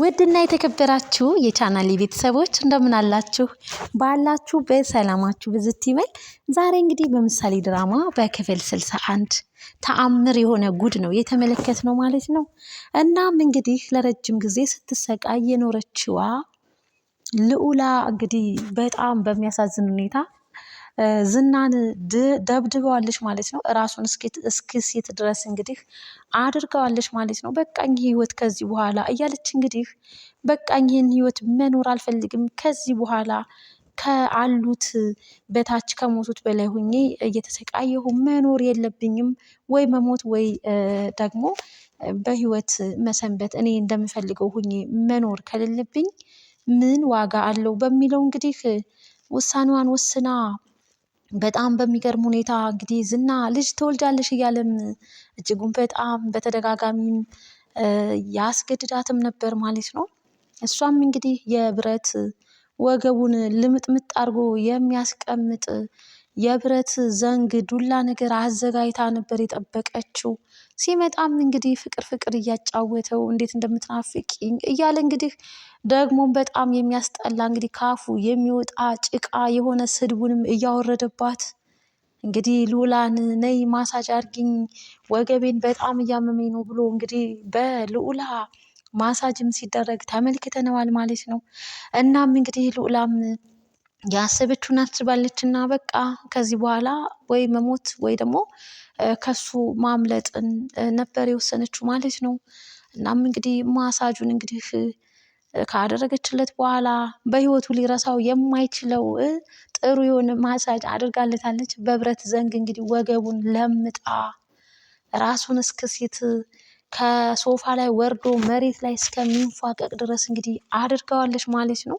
ውድና የተከበራችሁ የቻናል ቤተሰቦች እንደምን አላችሁ? ባላችሁ በሰላማችሁ ብዝት ይበል። ዛሬ እንግዲህ በምሳሌ ድራማ በክፍል ስልሳ አንድ ተአምር የሆነ ጉድ ነው የተመለከት ነው ማለት ነው። እናም እንግዲህ ለረጅም ጊዜ ስትሰቃይ የኖረችዋ ልዑላ እንግዲህ በጣም በሚያሳዝን ሁኔታ ዝናን ደብድበዋለች ማለት ነው። ራሱን እስኪ ሴት ድረስ እንግዲህ አድርገዋለች ማለት ነው። በቃኝ ህይወት ከዚህ በኋላ እያለች እንግዲህ በቃኝ ይህን ህይወት መኖር አልፈልግም ከዚህ በኋላ ከአሉት በታች ከሞቱት በላይ ሁኜ እየተሰቃየሁ መኖር የለብኝም ወይ መሞት ወይ ደግሞ በህይወት መሰንበት እኔ እንደምፈልገው ሁኜ መኖር ከሌለብኝ ምን ዋጋ አለው በሚለው እንግዲህ ውሳኔዋን ወስና በጣም በሚገርም ሁኔታ እንግዲህ ዝና ልጅ ትወልጃለሽ እያለም እጅጉን በጣም በተደጋጋሚም ያስገድዳትም ነበር ማለት ነው። እሷም እንግዲህ የብረት ወገቡን ልምጥምጥ አድርጎ የሚያስቀምጥ የብረት ዘንግ ዱላ ነገር አዘጋጅታ ነበር የጠበቀችው። ሲመጣም እንግዲህ ፍቅር ፍቅር እያጫወተው እንዴት እንደምትናፍቂኝ እያለ እንግዲህ ደግሞም በጣም የሚያስጠላ እንግዲህ ካፉ የሚወጣ ጭቃ የሆነ ስድቡንም እያወረደባት እንግዲህ ልዑላን ነይ ማሳጅ አርጊኝ ወገቤን በጣም እያመመኝ ነው ብሎ እንግዲህ በልዑላ ማሳጅም ሲደረግ ተመልክተነዋል ማለት ነው። እናም እንግዲህ ልዑላም ያሰበችውን አስባለች እና በቃ ከዚህ በኋላ ወይ መሞት ወይ ደግሞ ከሱ ማምለጥን ነበር የወሰነችው ማለት ነው። እናም እንግዲህ ማሳጁን እንግዲህ ካደረገችለት በኋላ በህይወቱ ሊረሳው የማይችለው ጥሩ የሆነ ማሳጅ አድርጋለታለች። በብረት ዘንግ እንግዲህ ወገቡን ለምጣ ራሱን እስከ ሴት ከሶፋ ላይ ወርዶ መሬት ላይ እስከሚንፏቀቅ ድረስ እንግዲህ አድርገዋለች ማለት ነው።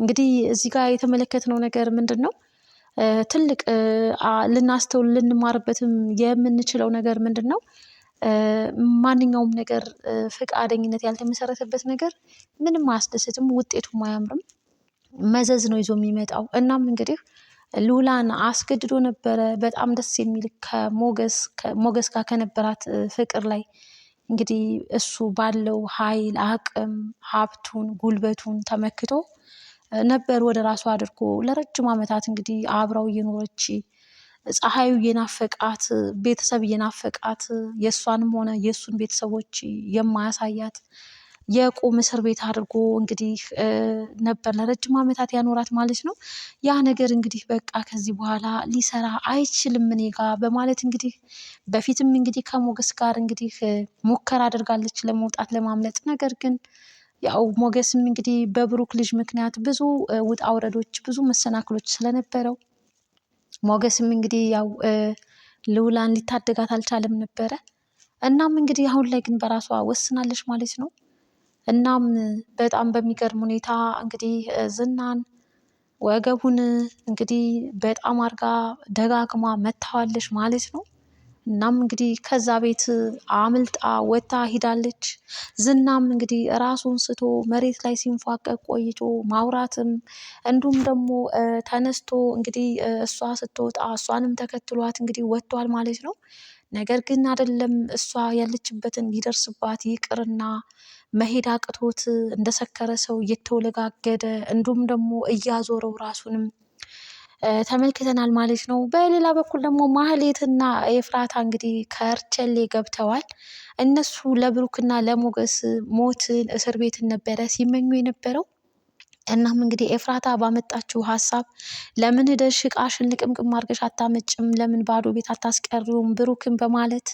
እንግዲህ እዚህ ጋር የተመለከትነው ነገር ምንድን ነው? ትልቅ ልናስተውል ልንማርበትም የምንችለው ነገር ምንድን ነው? ማንኛውም ነገር ፈቃደኝነት ያልተመሰረተበት ነገር ምንም አያስደስትም፣ ውጤቱም አያምርም፣ መዘዝ ነው ይዞ የሚመጣው። እናም እንግዲህ ሉላን አስገድዶ ነበረ በጣም ደስ የሚል ከሞገስ ሞገስ ጋር ከነበራት ፍቅር ላይ እንግዲህ እሱ ባለው ኃይል አቅም ሀብቱን ጉልበቱን ተመክቶ ነበር ወደ ራሱ አድርጎ ለረጅም ዓመታት እንግዲህ አብራው እየኖረች ፀሐዩ እየናፈቃት ቤተሰብ እየናፈቃት የእሷንም ሆነ የእሱን ቤተሰቦች የማያሳያት የቁም እስር ቤት አድርጎ እንግዲህ ነበር ለረጅም ዓመታት ያኖራት ማለት ነው። ያ ነገር እንግዲህ በቃ ከዚህ በኋላ ሊሰራ አይችልም እኔ ጋ በማለት እንግዲህ በፊትም እንግዲህ ከሞገስ ጋር እንግዲህ ሙከራ አድርጋለች ለመውጣት ለማምለጥ ነገር ግን ያው ሞገስም እንግዲህ በብሩክ ልጅ ምክንያት ብዙ ውጣ ውረዶች፣ ብዙ መሰናክሎች ስለነበረው ሞገስም እንግዲህ ያው ልውላን ሊታደጋት አልቻለም ነበረ። እናም እንግዲህ አሁን ላይ ግን በራሷ ወስናለች ማለት ነው። እናም በጣም በሚገርም ሁኔታ እንግዲህ ዝናን ወገቡን እንግዲህ በጣም አርጋ ደጋግማ መታዋለች ማለት ነው። እናም እንግዲህ ከዛ ቤት አምልጣ ወጣ ሂዳለች። ዝናም እንግዲህ ራሱን ስቶ መሬት ላይ ሲንፏቀቅ ቆይቶ ማውራትም እንዲሁም ደግሞ ተነስቶ እንግዲህ እሷ ስትወጣ እሷንም ተከትሏት እንግዲህ ወጥቷል ማለት ነው። ነገር ግን አይደለም እሷ ያለችበትን ሊደርስባት ይቅርና መሄድ አቅቶት እንደሰከረ ሰው እየተወለጋገደ እንዲሁም ደግሞ እያዞረው ራሱንም ተመልክተናል ማለት ነው። በሌላ በኩል ደግሞ ማህሌትና ኤፍራታ እንግዲህ ከርቸሌ ገብተዋል። እነሱ ለብሩክና ለሞገስ ሞትን እስር ቤትን ነበረ ሲመኙ የነበረው። እናም እንግዲህ ኤፍራታ ባመጣችው ሀሳብ ለምን ሄደሽ እቃሽን ልቅምቅም አድርገሽ አታመጭም? ለምን ባዶ ቤት አታስቀሪውም? ብሩክን በማለት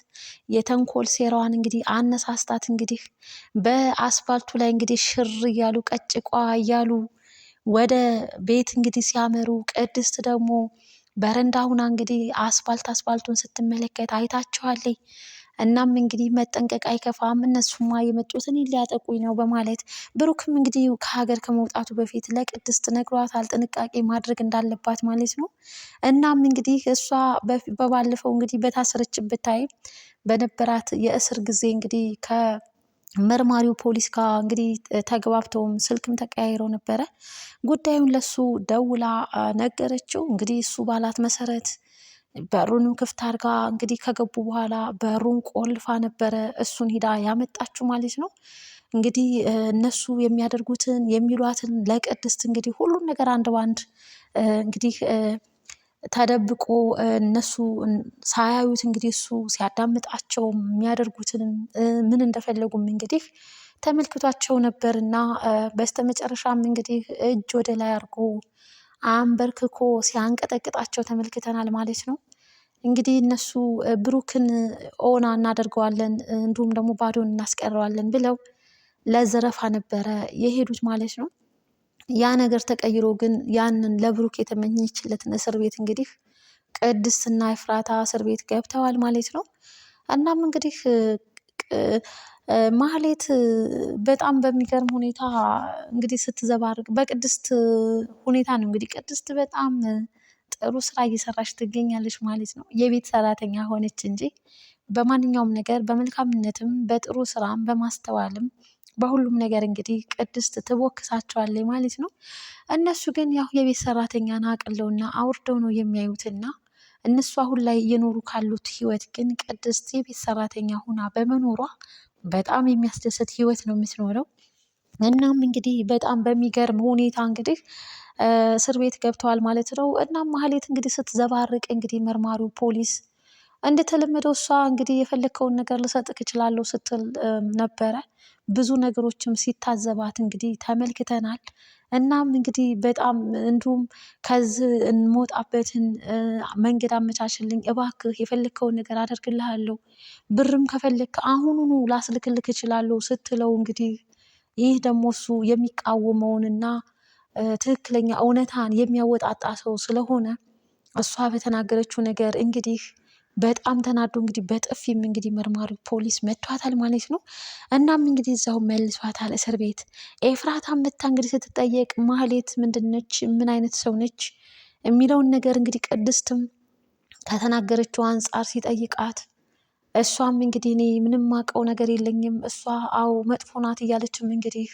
የተንኮል ሴራዋን እንግዲህ አነሳስታት እንግዲህ በአስፋልቱ ላይ እንግዲህ ሽር እያሉ ቀጭቋ እያሉ ወደ ቤት እንግዲህ ሲያመሩ ቅድስት ደግሞ በረንዳ ሁና እንግዲህ አስፋልት አስፋልቱን ስትመለከት አይታችኋለኝ። እናም እንግዲህ መጠንቀቅ አይከፋም፣ እነሱማ የመጡትን እኔን ሊያጠቁኝ ነው በማለት ብሩክም እንግዲህ ከሀገር ከመውጣቱ በፊት ለቅድስት ነግሯታል፣ ጥንቃቄ ማድረግ እንዳለባት ማለት ነው። እናም እንግዲህ እሷ በባለፈው እንግዲህ በታሰረችበት ታይም በነበራት የእስር ጊዜ እንግዲህ ከ መርማሪው ፖሊስ ጋር እንግዲህ ተግባብተውም ስልክም ተቀያይረው ነበረ። ጉዳዩን ለሱ ደውላ ነገረችው። እንግዲህ እሱ ባላት መሰረት በሩን ክፍት አድርጋ እንግዲህ ከገቡ በኋላ በሩን ቆልፋ ነበረ እሱን ሂዳ ያመጣችው ማለት ነው። እንግዲህ እነሱ የሚያደርጉትን የሚሏትን ለቅድስት እንግዲህ ሁሉን ነገር አንድ ባንድ እንግዲህ ተደብቆ እነሱ ሳያዩት እንግዲህ እሱ ሲያዳምጣቸው የሚያደርጉትንም ምን እንደፈለጉም እንግዲህ ተመልክቷቸው ነበር እና በስተመጨረሻም እንግዲህ እጅ ወደ ላይ አድርጎ አንበርክኮ ሲያንቀጠቅጣቸው ተመልክተናል ማለት ነው። እንግዲህ እነሱ ብሩክን ኦና እናደርገዋለን እንዲሁም ደግሞ ባዶን እናስቀረዋለን ብለው ለዘረፋ ነበረ የሄዱት ማለት ነው። ያ ነገር ተቀይሮ ግን ያንን ለብሩክ የተመኘችለትን እስር ቤት እንግዲህ ቅድስትና ኤፍራታ እስር ቤት ገብተዋል ማለት ነው። እናም እንግዲህ ማህሌት በጣም በሚገርም ሁኔታ እንግዲህ ስትዘባርቅ በቅድስት ሁኔታ ነው እንግዲህ ቅድስት በጣም ጥሩ ስራ እየሰራች ትገኛለች ማለት ነው። የቤት ሰራተኛ ሆነች እንጂ በማንኛውም ነገር በመልካምነትም በጥሩ ስራም በማስተዋልም በሁሉም ነገር እንግዲህ ቅድስት ትቦክሳቸዋለች ማለት ነው። እነሱ ግን ያው የቤት ሰራተኛን አቅለውና አውርደው ነው የሚያዩትና እነሱ አሁን ላይ እየኖሩ ካሉት ህይወት ግን ቅድስት የቤት ሰራተኛ ሁና በመኖሯ በጣም የሚያስደስት ህይወት ነው የምትኖረው። እናም እንግዲህ በጣም በሚገርም ሁኔታ እንግዲህ እስር ቤት ገብተዋል ማለት ነው። እናም ማህሌት እንግዲህ ስትዘባርቅ እንግዲህ መርማሪው ፖሊስ እንደተለመደው እሷ እንግዲህ የፈለግከውን ነገር ልሰጥክ እችላለሁ ስትል ነበረ። ብዙ ነገሮችም ሲታዘባት እንግዲህ ተመልክተናል። እናም እንግዲህ በጣም እንዲሁም ከዚህ እንሞጣበትን መንገድ አመቻችልኝ እባክህ የፈለከውን ነገር አደርግልሃለሁ ብርም ከፈለክ አሁኑኑ ላስልክልክ እችላለሁ ስትለው እንግዲህ ይህ ደግሞ እሱ የሚቃወመውንና ትክክለኛ እውነታን የሚያወጣጣ ሰው ስለሆነ እሷ በተናገረችው ነገር እንግዲህ በጣም ተናዶ እንግዲህ በጥፊም እንግዲህ መርማሪ ፖሊስ መቷታል ማለት ነው። እናም እንግዲህ እዛው መልሷታል እስር ቤት ኤፍራታ መታ እንግዲህ ስትጠየቅ ማህሌት ምንድነች፣ ምን አይነት ሰው ነች የሚለውን ነገር እንግዲህ ቅድስትም ከተናገረችው አንጻር ሲጠይቃት እሷም እንግዲህ እኔ ምንም አውቀው ነገር የለኝም እሷ አው መጥፎ ናት እያለችም እንግዲህ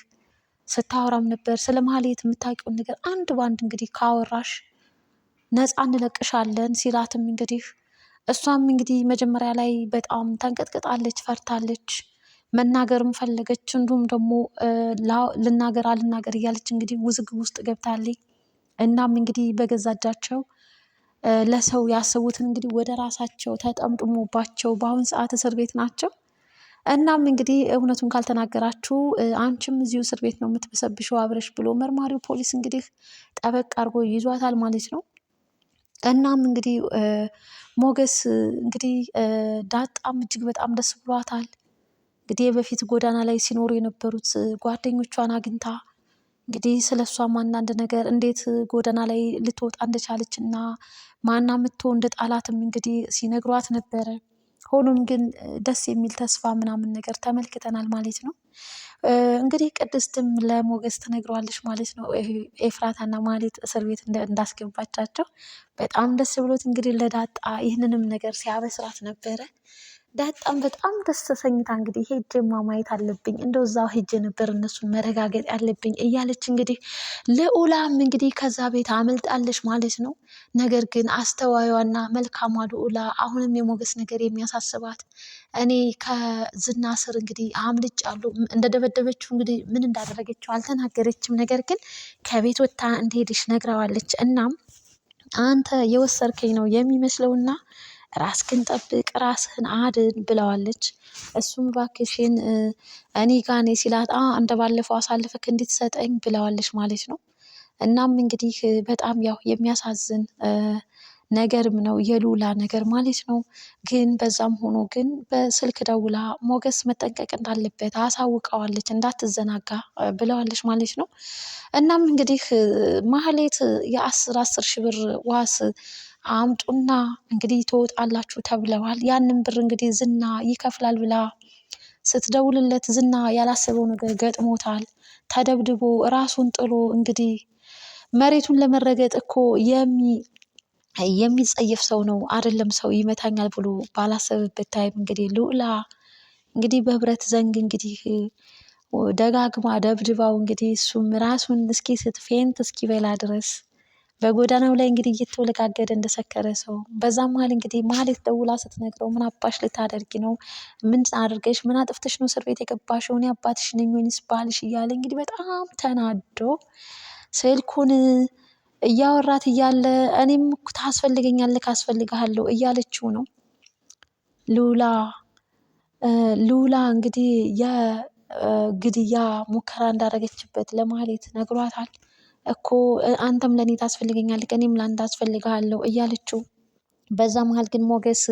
ስታወራም ነበር። ስለ ማህሌት የምታውቂውን ነገር አንድ ባንድ እንግዲህ ካወራሽ ነፃ እንለቅሻለን ሲላትም እንግዲህ እሷም እንግዲህ መጀመሪያ ላይ በጣም ተንቀጥቅጣለች፣ ፈርታለች፣ መናገርም ፈለገች። እንዲሁም ደግሞ ልናገር አልናገር እያለች እንግዲህ ውዝግብ ውስጥ ገብታለች። እናም እንግዲህ በገዛ እጃቸው ለሰው ያሰቡትን እንግዲህ ወደ ራሳቸው ተጠምጥሞባቸው በአሁን ሰዓት እስር ቤት ናቸው። እናም እንግዲህ እውነቱን ካልተናገራችሁ አንቺም እዚሁ እስር ቤት ነው የምትበሰብሸው አብረሽ ብሎ መርማሪው ፖሊስ እንግዲህ ጠበቅ አድርጎ ይዟታል ማለት ነው። እናም እንግዲህ ሞገስ እንግዲህ ዳጣም እጅግ በጣም ደስ ብሏታል። እንግዲህ የበፊት ጎዳና ላይ ሲኖሩ የነበሩት ጓደኞቿን አግኝታ እንግዲህ ስለሷም አንዳንድ ነገር እንዴት ጎዳና ላይ ልትወጣ እንደቻለች እና ማና አምጥቶ እንደ ጣላትም እንግዲህ ሲነግሯት ነበረ። ሆኖም ግን ደስ የሚል ተስፋ ምናምን ነገር ተመልክተናል ማለት ነው። እንግዲህ ቅድስትም ለሞገስ ትነግረዋለች ማለት ነው። ኤፍራታና ማሌት እስር ቤት እንዳስገባቻቸው በጣም ደስ ብሎት እንግዲህ ለዳጣ ይህንንም ነገር ሲያበስራት ነበረ። ዳጣም በጣም ደስ ተሰኝታ እንግዲህ ሄጄማ ማየት አለብኝ እንደው እዛው ሄጄ ነበር እነሱን መረጋገጥ ያለብኝ እያለች እንግዲህ ልዑላም እንግዲህ ከዛ ቤት አመልጣለች ማለት ነው። ነገር ግን አስተዋዩዋና መልካሟ ልዑላ አሁንም የሞገስ ነገር የሚያሳስባት እኔ ከዝና ስር እንግዲህ አምልጫለሁ። እንደደበደበችው እንግዲህ ምን እንዳደረገችው አልተናገረችም። ነገር ግን ከቤት ወታ እንደሄደች ነግረዋለች። እናም አንተ የወሰድከኝ ነው የሚመስለውና ራስክን ጠብቅ፣ ራስህን አድን ብለዋለች። እሱም እባክሽን እኔ ጋኔ ሲላት እንደ ባለፈው አሳልፈክ እንድትሰጠኝ ብለዋለች ማለት ነው። እናም እንግዲህ በጣም ያው የሚያሳዝን ነገርም ነው የሉላ ነገር ማለት ነው። ግን በዛም ሆኖ ግን በስልክ ደውላ ሞገስ መጠንቀቅ እንዳለበት አሳውቀዋለች፣ እንዳትዘናጋ ብለዋለች ማለት ነው። እናም እንግዲህ ማህሌት የአስር አስር ሺህ ብር ዋስ አምጡና እንግዲህ ትወጣላችሁ ተብለዋል። ያንን ብር እንግዲህ ዝና ይከፍላል ብላ ስትደውልለት ዝና ያላሰበው ነገር ገጥሞታል። ተደብድቦ ራሱን ጥሎ እንግዲህ መሬቱን ለመረገጥ እኮ የሚ የሚጸየፍ ሰው ነው አይደለም ሰው ይመታኛል ብሎ ባላሰበበት ታይም እንግዲህ ልዑላ እንግዲህ በብረት ዘንግ እንግዲህ ደጋግማ ደብድባው እንግዲህ እሱም ራሱን እስኪስት ፌንት እስኪበላ ድረስ በጎዳናው ላይ እንግዲህ እየተወለጋገደ እንደሰከረ ሰው በዛ መሃል እንግዲህ መሀሌት ደውላ ስትነግረው ምን አባሽ ልታደርጊ ነው? ምን አድርገሽ ምን አጥፍተሽ ነው እስር ቤት የገባሽው? እኔ አባትሽ ነኝ ወይንስ ባልሽ? እያለ እንግዲህ በጣም ተናዶ ስልኩን እያወራት እያለ እኔም ታስፈልገኛለህ ካስፈልግሃለሁ እያለችው ነው። ሉላ ሉላ እንግዲህ የግድያ ሙከራ እንዳደረገችበት ለማህሌት ነግሯታል። እኮ አንተም ለእኔ ታስፈልገኛለህ እኔም ለአንተ አስፈልግሃለሁ እያለችው በዛ መሃል ግን ሞገስ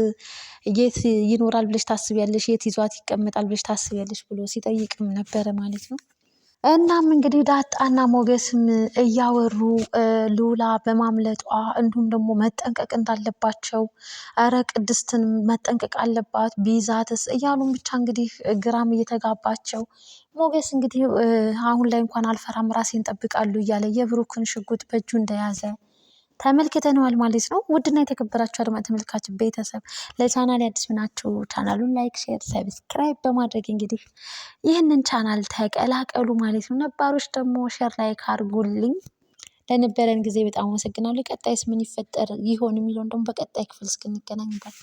የት ይኖራል ብለሽ ታስቢያለሽ? የት ይዟት ይቀመጣል ብለሽ ታስቢያለሽ? ብሎ ሲጠይቅም ነበረ ማለት ነው እናም እንግዲህ ዳጣና ሞገስም እያወሩ ሉላ በማምለጧ እንዲሁም ደግሞ መጠንቀቅ እንዳለባቸው ኧረ ቅድስትን መጠንቀቅ አለባት ቢዛትስ እያሉም ብቻ እንግዲህ ግራም እየተጋባቸው ሞገስ እንግዲህ አሁን ላይ እንኳን አልፈራም ራሴን ጠብቃሉ እያለ የብሩክን ሽጉጥ በእጁ እንደያዘ ተመልክተነዋል ማለት ነው። ውድና የተከበራችሁ አድማ ተመልካች ቤተሰብ ለቻናል አዲስ ናችሁ፣ ቻናሉን ላይክ፣ ሼር፣ ሰብስክራይብ በማድረግ እንግዲህ ይህንን ቻናል ተቀላቀሉ ማለት ነው። ነባሮች ደግሞ ሼር ላይክ አድርጉልኝ። ለነበረን ጊዜ በጣም አመሰግናለሁ። ቀጣይስ ምን ይፈጠር ይሆን የሚለውን ደግሞ በቀጣይ ክፍል እስክንገናኝበት